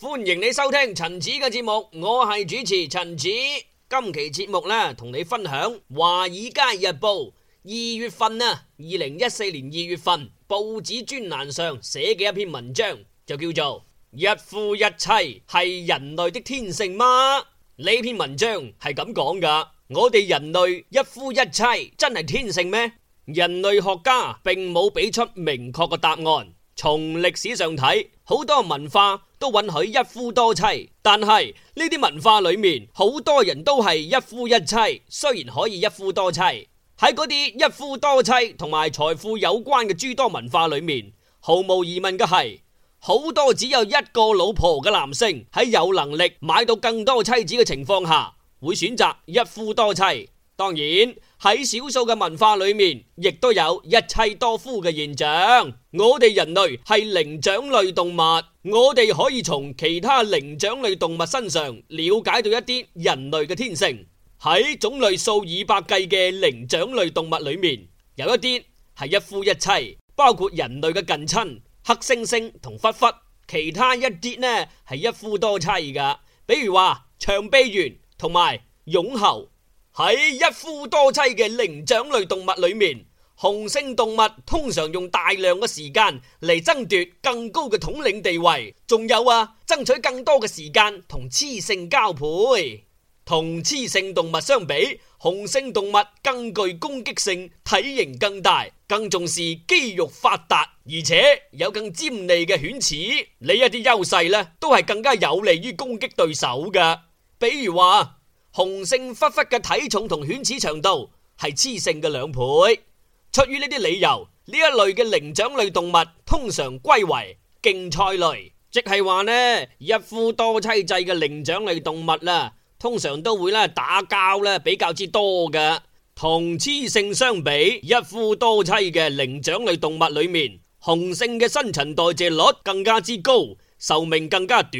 歡迎你收聽陳子嘅節目，我係主持陳子。今期節目呢，同你分享《華爾街日報》二月份啊，二零一四年二月份報紙專欄上寫嘅一篇文章，就叫做《一夫一妻係人類的天性嗎》？呢篇文章係咁講噶，我哋人類一夫一妻真係天性咩？人類學家並冇俾出明確嘅答案。從歷史上睇，好多文化，都允許一夫多妻，但係呢啲文化裏面好多人都係一夫一妻。雖然可以一夫多妻，喺嗰啲一夫多妻同埋財富有關嘅諸多文化裏面，毫無疑問嘅係好多只有一個老婆嘅男性喺有能力買到更多妻子嘅情況下，會選擇一夫多妻。當然。喺少數嘅文化裏面，亦都有一妻多夫嘅現象。我哋人類係靈長類動物，我哋可以從其他靈長類動物身上了解到一啲人類嘅天性。喺種類數以百計嘅靈長類動物裏面，有一啲係一夫一妻，包括人類嘅近親黑猩猩同狒狒；其他一啲呢，係一夫多妻噶，比如話長臂猿同埋狨猴。喺一夫多妻嘅靈長類動物裏面，雄性動物通常用大量嘅時間嚟爭奪更高嘅統領地位，仲有啊，爭取更多嘅時間同雌性交配。同雌性動物相比，雄性動物更具攻擊性，體型更大，更重視肌肉發達，而且有更尖利嘅犬齒。呢一啲優勢呢，都係更加有利於攻擊對手㗎。比如話，雄性狒狒嘅體重同犬齒長度係雌性嘅兩倍。出於呢啲理由，呢一類嘅靈長類動物通常歸為競賽類，即係話呢一夫多妻制嘅靈長類動物啦，通常都會咧打交咧比較之多㗎。同雌性相比，一夫多妻嘅靈長類動物裏面，雄性嘅新陳代謝率更加之高，壽命更加短。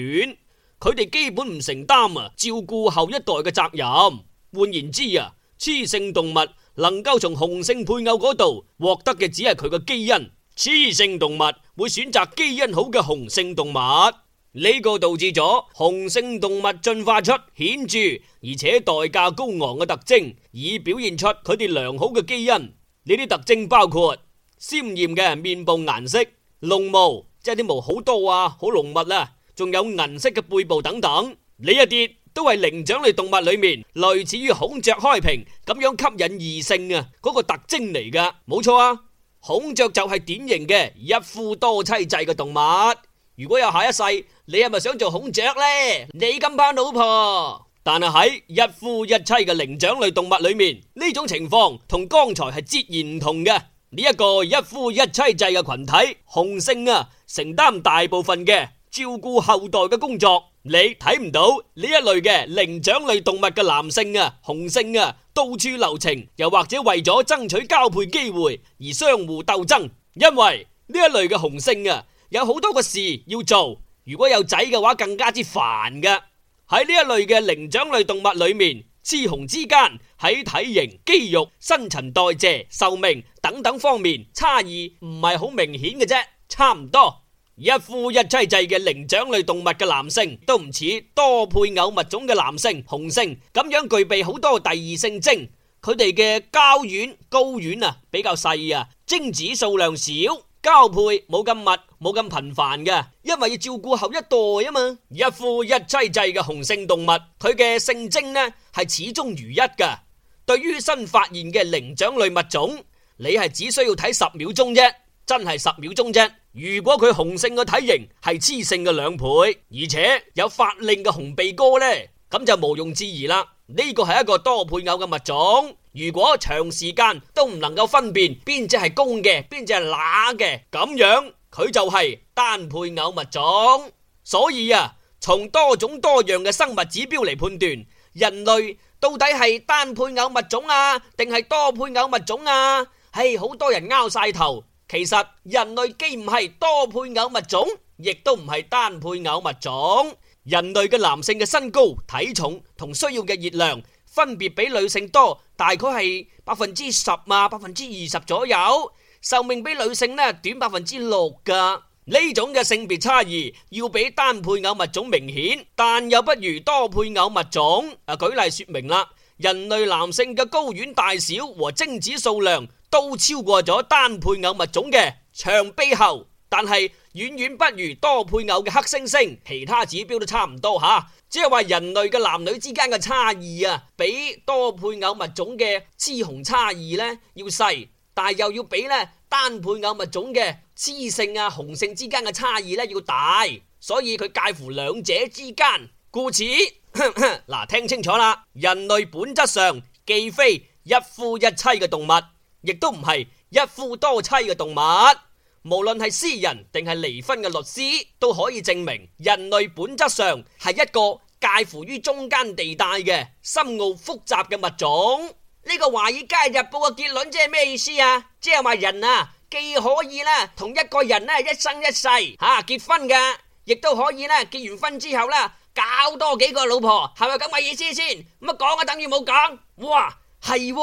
佢哋基本唔承擔啊照顧後一代嘅責任。換言之啊，雌性動物能夠從雄性配偶嗰度獲得嘅只係佢嘅基因。雌性動物會選擇基因好嘅雄性動物，呢、這個導致咗雄性動物進化出顯著而且代價高昂嘅特徵，以表現出佢哋良好嘅基因。呢啲特徵包括鮮艷嘅面部顏色、濃毛，即係啲毛好多啊，好濃密啊。仲有銀色嘅背部等等，呢一啲都係靈長類動物裏面類似於孔雀開屏咁樣吸引異性啊，嗰個特徵嚟㗎，冇錯啊。孔雀就係典型嘅一夫多妻制嘅動物。如果有下一世，你係咪想做孔雀呢？你咁怕老婆，但係喺一夫一妻嘅靈長類動物裏面，呢種情況同剛才係截然唔同嘅。呢一個一夫一妻制嘅群體，雄性啊承擔大部分嘅。照顧後代嘅工作，你睇唔到呢一類嘅靈長類動物嘅男性啊，雄性啊，到處留情，又或者為咗爭取交配機會而相互鬥爭。因為呢一類嘅雄性啊，有好多個事要做。如果有仔嘅話，更加之煩噶。喺呢一類嘅靈長類動物裏面，雌雄之間喺體型、肌肉、新陳代謝、壽命等等方面差異唔係好明顯嘅啫，差唔多。一夫一妻制嘅靈長類動物嘅男性都唔似多配偶物種嘅男性雄性咁樣具備好多第二性徵，佢哋嘅睾丸、睾丸啊比較細啊，精子數量少，交配冇咁密、冇咁頻繁嘅，因為要照顧後一代啊嘛。一夫一妻制嘅雄性動物，佢嘅性徵呢係始終如一㗎。對於新發現嘅靈長類物種，你係只需要睇十秒鐘啫，真係十秒鐘啫。如果佢雄性嘅體型係雌性嘅兩倍，而且有法令嘅紅鼻哥咧，咁就毋庸置疑啦。呢個係一個多配偶嘅物種。如果長時間都唔能夠分辨邊隻係公嘅，邊隻係乸嘅，咁樣佢就係單配偶物種。所以啊，從多種多樣嘅生物指標嚟判斷人類到底係單配偶物種啊，定係多配偶物種啊？係，好多人拗晒頭。其實人類既唔係多配偶物種，亦都唔係單配偶物種。人類嘅男性嘅身高、體重同需要嘅熱量分別比女性多，大概係百分之十啊，百分之二十左右。壽命比女性呢短百分之六噶。呢種嘅性別差異要比單配偶物種明顯，但又不如多配偶物種。啊，舉例說明啦，人類男性嘅睾丸大小和精子數量。都超過咗單配偶物種嘅長臂猴，但係遠遠不如多配偶嘅黑猩猩。其他指標都差唔多吓，即係話人類嘅男女之間嘅差異啊，比多配偶物種嘅雌雄差異呢要細，但係又要比呢單配偶物種嘅雌性啊雄性之間嘅差異呢要大，所以佢介乎兩者之間。故此嗱，聽清楚啦，人類本質上既非一夫一妻嘅動物。亦都唔係一夫多妻嘅動物，無論係私人定係離婚嘅律師都可以證明，人類本質上係一個介乎於中間地帶嘅深奧複雜嘅物種。呢個華爾街日報嘅結論即係咩意思啊？即係話人啊，既可以啦同一個人呢一生一世吓結婚噶，亦都可以啦結完婚之後啦搞多幾個老婆，係咪咁嘅意思先？咁啊講啊等於冇講，哇係。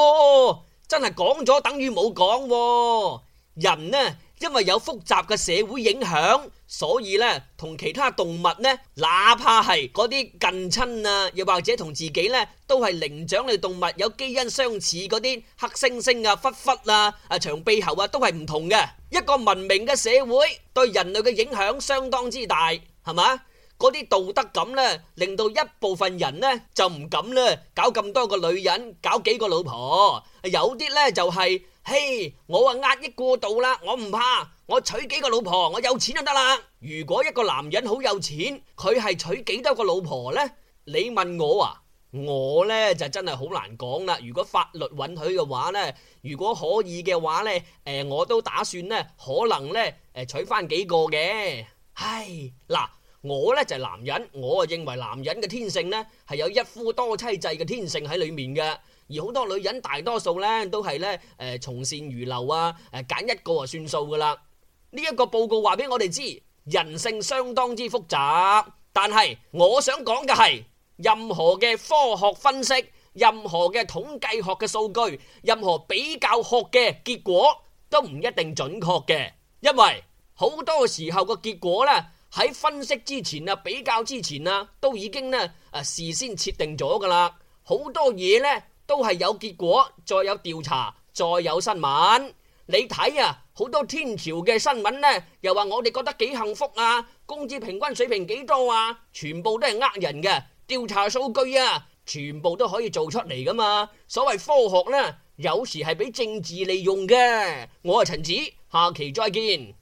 真係講咗等於冇講，人呢因為有複雜嘅社會影響，所以呢同其他動物呢，哪怕係嗰啲近親啊，又或者同自己呢，都係靈長類動物有基因相似嗰啲黑猩猩啊、狒狒啊、啊長鼻猴啊，都係唔同嘅。一個文明嘅社會對人類嘅影響相當之大，係嘛？嗰啲道德感呢，令到一部分人呢就唔敢呢搞咁多個女人，搞幾個老婆。有啲呢就係，嘿，我話壓抑過度啦，我唔怕，我娶幾個老婆，我有錢就得啦。如果一個男人好有錢，佢係娶幾多個老婆呢？你問我啊，我呢就真係好難講啦。如果法律允許嘅話呢，如果可以嘅話呢，誒，我都打算呢，可能呢，誒，娶翻幾個嘅。唉，嗱。我喺分析之前啊，比較之前啊，都已經呢啊事先設定咗噶啦，好多嘢呢都係有結果，再有調查，再有新聞，你睇啊，好多天朝嘅新聞呢，又話我哋覺得幾幸福啊，工資平均水平幾多啊，全部都係呃人嘅調查數據啊，全部都可以做出嚟噶嘛。所謂科學呢，有時係俾政治利用嘅。我係陳子，下期再見。